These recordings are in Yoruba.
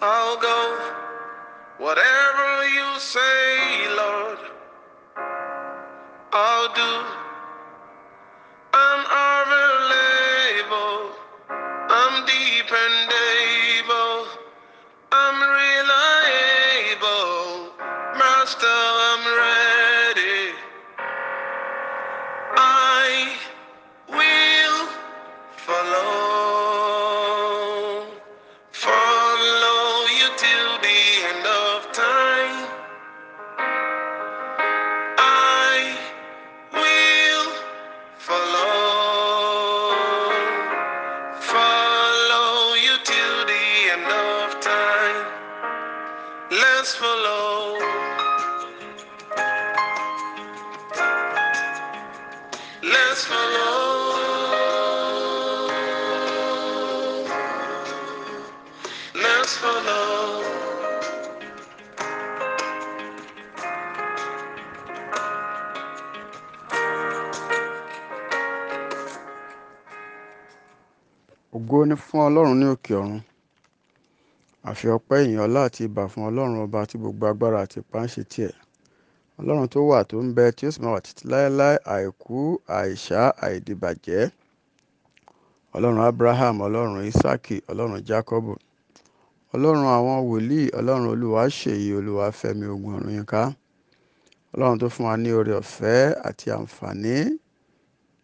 I'll go. Whatever you say, Lord, I'll do. I'm available. I'm dependable. I'm reliable. Master, I'm ready. us for long. ògo ni fún ọlọ́run ní òkè ọ̀run àfi ọpẹ́ ìyìn ọlá àti ìbà fún ọlọ́run ọba tí gbogbo agbára àti ipá ń ṣe tiẹ̀ ọlọ́run tó wà tó ń bẹ tí ó sì máa wà títí láéláé àìkú àìṣá àìdìbàjẹ́ ọlọ́run abraham ọlọ́run isaki ọlọ́run jacob ọlọ́run àwọn wòlíì ọlọ́run olúwaṣèyí olúwàfẹ́mi ogun ọ̀rùnyìnká ọlọ́run tó fún wa ní oore ọ̀fẹ́ àti àǹfààní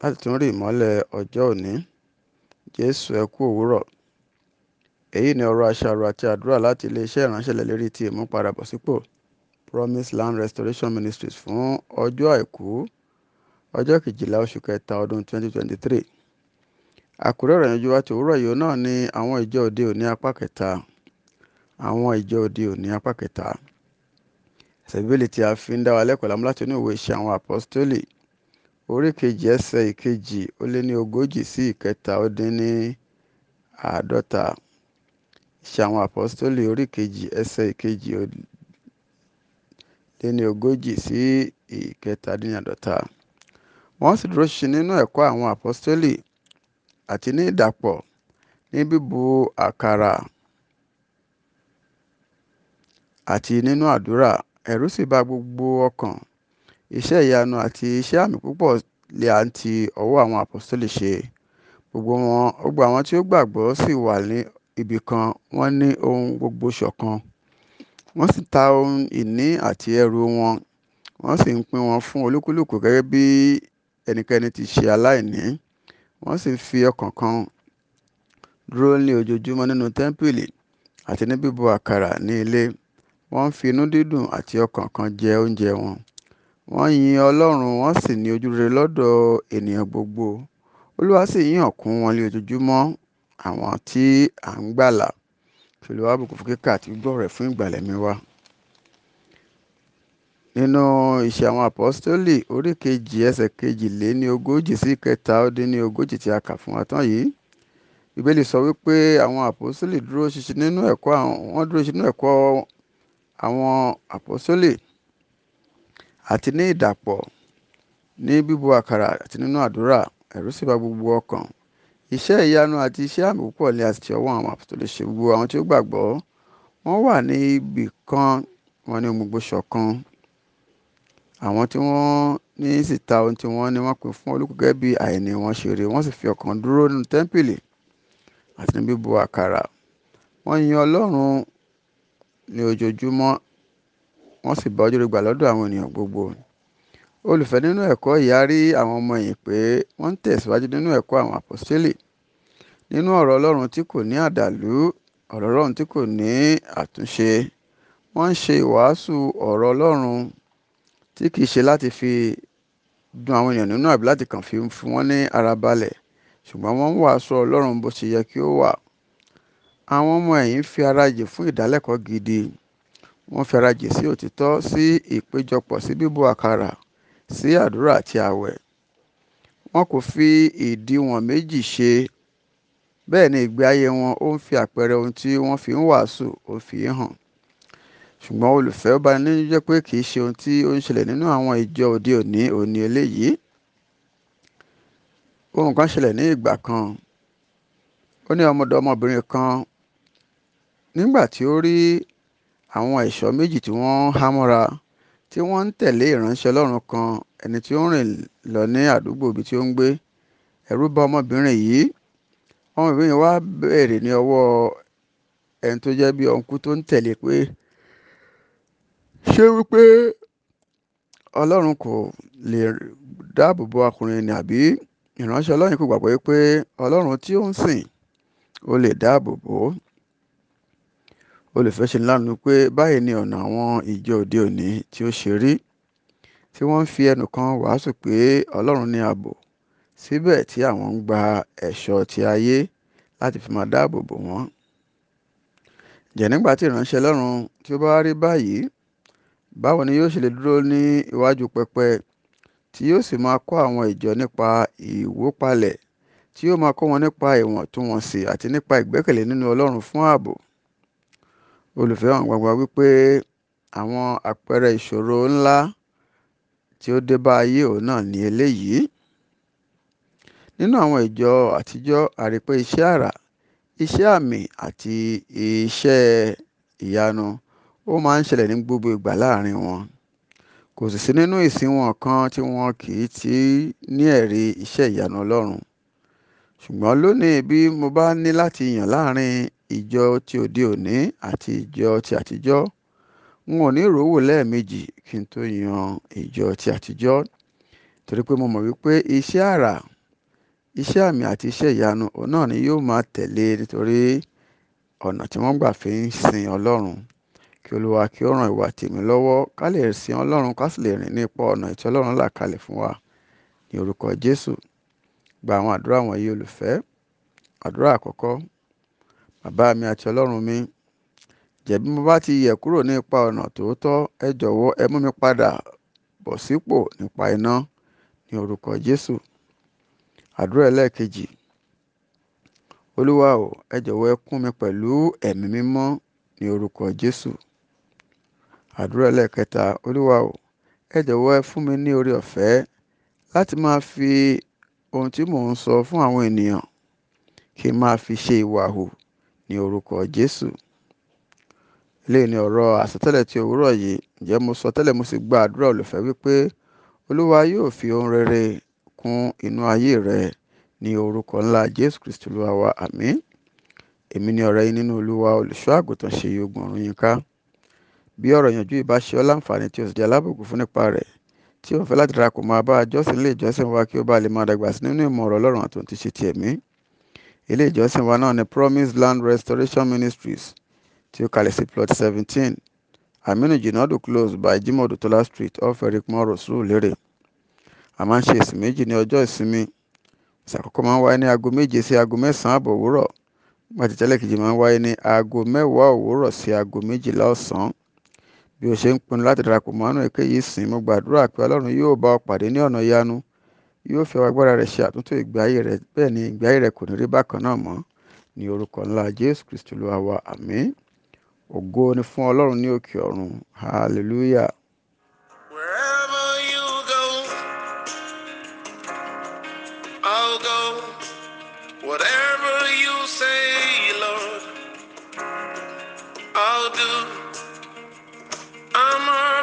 láti tún rí ìmọ́lẹ̀ ọjọ́ òní jésù ẹ kú òwúrọ̀ èyí ni ọ̀rọ̀ àṣàrò àti àdúrà láti iléeṣẹ́ ìránṣẹ́ lẹ́lẹ́rí ti ìmúpadàbọ̀sípò promise land restoration ministries fún ọjọ́ àìkú ọjọ́ kejìlá oṣù kẹta ọdún 2023 àkúrẹ́ ọ̀rọ̀ yanjú wa ti òwúrọ̀ yìí náà ni àwọn ìjọ òde òní apá kẹta àwọn ìjọ òde òní apá kẹta ẹsẹ̀ bíbélì tí a fi ń dá wa lẹ́kọ̀ọ́ lámú láti inú ìwé iṣẹ́ àwọn àpọ́stólì orí kejì ẹsẹ̀ ìkejì ó lé ní ogójì sí ìkẹta ó dín ní àádọ́ta iṣẹ́ àwọn àpọ́stólì orí kejì ẹsẹ̀ ìkejì ó lé ní ogójì sí ìkẹta dín ní àádọ́ta wọ́n sì dúró ṣinṣin nínú ẹ̀kọ́ àwọn àpọ́stólì àti ní ìdàpọ̀ ní bíbu àkàrà àti nínú àdúrà, ẹ̀rù sì ba gbogbo ọkàn. Iṣẹ́ ìyanu àti iṣẹ́ àmì púpọ̀ ni a ti ọwọ́ àwọn aposteli ṣe. Gbogbo wọn, gbogbo àwọn tí ó gbàgbọ́ sì wà ní ibi kan, wọ́n ní ohun gbogbo ṣọ̀kan. Wọ́n sì ta ohun ìní àti ẹrù wọn, wọ́n sì ń pín wọn fún olúkúlùkù gẹ́gẹ́ bí ẹnikẹ́ni ti ṣe aláìní. Wọ́n sì fi ọkàn kan dúró ní ojoojúmọ́ nínú tẹ́ḿpìlì àti ní bíbu àkàrà ní ilé wọ́n ń finú dídùn àti ọkàn kan jẹ oúnjẹ wọn. Wọ́n yin Ọlọ́run wọ́n sì ní ojúrere lọ́dọ̀ ènìyàn gbogbo. Olúwa sì yín ọ̀kún wọn ní ojoojúmọ́ àwọn tí à ń gbàlà. Kí Olúwa bùkún fún kíkà àti gbígbọ́ rẹ̀ fún ìgbàlẹ̀ mi wá. Nínú ìṣe àwọn àpọ́stólì orí kejì ẹsẹ̀ kejì lé ní ogójì sí kẹta ó dín ní ogójì tí a kà fún wa tán yìí. Ìbéèlì sọ wípé àwọn àpọ́stólì dúró ṣinṣin nínú ẹ̀kọ́ àwọn àpọ́sólè àti ní ìdàpọ̀ ní bíbu àkàrà àti nínú àdúrà ẹ̀rù sì bá gbogbo ọkàn iṣẹ́ ìyanu àti iṣẹ́ àmì púpọ̀ ni a ti ṣe ọwọ́ àwọn àpọ́sólè ṣe gbogbo àwọn tí ó gbàgbọ́ wọ́n wà ní ibì kan wọ́n ní gbogbo ṣọ̀kan àwọn tí wọ́n ní sì ta ohun tí wọ́n ní wọ́n pín fún olùkọ́ gẹ́gẹ́ bí àìní wọn ṣe rí wọ́n sì fi ọkàn dúró nínú tẹ́ḿpìlì àti ní bíbu àkàrà wọ́n yin ọlọ́run ní ojoojúmọ́ wọ́n sì bá ojúre gbà lọ́dọ̀ àwọn ènìyàn gbogbo olùfẹ́ nínú ẹ̀kọ́ ìyá rí àwọn ọmọ yìí pé wọ́n ń tẹ̀síwájú nínú ẹ̀kọ́ àwọn àpọ́sítélì nínú ọ̀rọ̀ ọlọ́run tí kò ní àdàlú ọ̀rọ̀ ọlọ́run tí kò ní àtúnṣe wọ́n ń ṣe ìwàásù ọ̀rọ̀ ọlọ́run tí kìí ṣe láti fi dùn àwọn èèyàn nínú àbí láti kàn fi fún ní ara balẹ̀ ṣùgbọ́n wọ́n ń wàásù ọlọ́run bó ṣe yẹ kí ó wà àwọn ọmọ ẹ̀yìn fi ara jìn fún ìdálẹ́kọ̀ọ́ gidi wọ́n fi ara jìn sí òtítọ́ sí ìpéjọpọ̀ sí bíbú àkàrà sí àdúrà àti ààwẹ̀ wọn kò fi ìdíwọ̀n méjì ṣe bẹ́ẹ̀ ni ìgbé ayé wọn ó ń fi àpẹẹrẹ ohun tí wọ́n fi ń wàásù ó fi hàn ṣùgbọ́n olùfẹ́ ó bani nínú jẹ́ pé kì í ṣe ohun tí ó ń ṣẹlẹ̀ nínú àwọn ìjọ òde òní òní eléyìí ohun kan ṣẹlẹ̀ ní ìgbà kan ó ní ọmọdé ọmọbìnrin kan nígbà tí ó rí àwọn ẹ̀ṣọ́ méjì tí wọ́n há mọ́ra tí wọ́n ń tẹ̀lé ìránṣẹ́ ọlọ́run kan ẹni tí ó ń rìn lọ ní àdúgbò ibi tí ó ń gbé ẹ̀rù bà ọmọbìnrin yìí ọmọbìnrin yìí wá béèrè ní ọwọ́ ẹni tó jẹ́ bí ọ̀nkú tó ń tẹ̀lé pé ṣé wípé ọlọ́run kò lè dáàbò bo ọkùnrin ni àbí ìránṣẹ́ ọlọ́run kò gbàgbọ́ pé ọlọ́run tí ó ń sìn ó lè dáàbò bò ó olùfẹsẹ̀lánú pé báyìí ni ọ̀nà àwọn ìjọ òde òní tí ó ṣe rí tí wọ́n ń fi ẹnu kan wàásù pé ọlọ́run ní ààbò síbẹ̀ tí àwọn ń gba ẹ̀ṣọ́ ti ayé láti fi máa dáàbò bò wọ́n jẹ́ nígbà tí ìránṣẹ́ ọlọ́run tí ó bá rí báyìí báwo ni yóò ṣe lè dúró ní iwájú pẹpẹ tí yóò sì máa kọ́ àwọn ìjọ nípa ìwópalẹ̀ tí yóò máa kọ́ wọn nípa ìwọ̀ntúnwọ̀nsì àti nípa ìgbẹ́kẹ̀lé nínú ọlọ́run fún ààbò olùfẹ́hàn gbangba wípé àwọn àpẹẹrẹ ìṣòro ńlá tí ó dé bá ayé òun náà ní eléyìí nínú àwọn ìjọ àtijọ́ a rí pé iṣẹ́ àrà iṣẹ́ àmì àti iṣẹ́ ìyanu ó máa ń ṣẹlẹ̀ ní gbogbo ìgbà láàrin wọn kò sì sí nínú ìsìn wọn kan tí wọn kì í ti ní ẹ̀rí iṣẹ́ ìyanu ọlọ́run ṣùgbọ́n lónìí bí mo bá ní láti yàn láàrin ìjọ ti òde òní àti ìjọ ti àtijọ́ n ò ní rówó lẹ́ẹ̀mejì kí n tó yan ìjọ ti àtijọ́ torí pé mo mọ̀ wípé iṣẹ́ àrà iṣẹ́ àmì àti iṣẹ́ ìyanu òun náà ni yóò máa tẹ̀lé e nítorí ọ̀nà tí wọ́n gbà fi ń sin ọlọ́run kí olúwa kí ó ràn ìwà tèmi lọ́wọ́ ká lè sin ọlọ́run ká sì lè rìn nípa ọ̀nà tí ọlọ́run là kalẹ̀ fún wa ní orúkọ jésù gba àwọn àdúrà wọ̀nyí olùfẹ́ àdúrà àkọ́kọ́ bàbá mi àti ọlọ́run mi jẹ̀bi mo bá ti yẹ̀ kúrò ní ipa ọ̀nà tòótọ́ ẹ jọ̀wọ́ ẹ mú mi padà bọ̀ sípò nípa iná ní orúkọ jésù àdúrà ẹlẹ́ẹ̀kejì olúwa o ẹ jọ̀wọ́ ẹ kún mi pẹ̀lú ẹ̀mí mímọ́ ní orúkọ jésù àdúrà ẹlẹ́ẹ̀kẹta olúwa o ẹ jọ̀wọ́ ẹ fún mi ní orí ọ̀fẹ́ láti máa fi ohun tí mò ń sọ fún àwọn ènìyàn kí n máa fi ṣe ìwà hù ní orúkọ Jésù eléyìí ni ọ̀rọ̀ àsọtẹ́lẹ̀ ti òwúrọ̀ yìí ǹjẹ́ mo sọ tẹ́lẹ̀ mo sì gba àdúrà olùfẹ́ wípé olúwa yóò fi ohun rere kún inú ayé rẹ ní orúkọ ńlá Jésù Kristi olúwa wa àmín èmi ni ọ̀rẹ́ yín nínú olúwa olùṣọ́ àgùntàn Ṣèyí Ogunọ̀run Yínká bí ọ̀rọ̀ ìyànjú ìbá ṣe ọ́ láǹfààní tí o sì jẹ́ alábòògùn fún nípa rẹ̀ tí o fẹ́ láti darapọ̀ mọ́ abá àjọsìn ilé ìjọsìn wa kí o bá lè máa dàgbà sí nínú ìmọ̀ ọ̀rọ̀ Ọlọ́run àtúntí ṣe ti ẹ̀mí ilé ìjọsìn wa náà ni promise land restoration ministries tí ó kalẹ̀ sí plot seventeen aminu jinadu close by jimoh dutola street off eric moro surulere a máa ń ṣe ìsìn méjì ní ọjọ́ ìsinmi ìsàkókò máa ń wáyé ní aago méje sí aago mẹ́sàn-án àbọ̀ òwúrọ̀ gbàtí tẹ́lẹ̀ kejì máa ń wáyé ní aago mẹ́wàá òwúrọ̀ sí aago méjìlá ọ̀sán bí o ṣe ń pinnu láti darapọ̀ mọ́ àánú èké yìí sìn mo gbàdúrà pé ọlọ́run yóò bá ọ pàdé ní ọ̀nà ìyanu yóò fi ọwọ́ agbára rẹ̀ ṣe àtúntò ìgbé ayé rẹ̀ bẹ́ẹ̀ ni ìgbé ayé rẹ̀ kò ní rí bákan náà mọ́ ní orúkọ ńlá jésù kristu olúwa wa àmín ògo ni fún ọlọ́run ní òkè ọ̀run hallelujah. I'll go whatever you say, Lord. I'll do. I'm all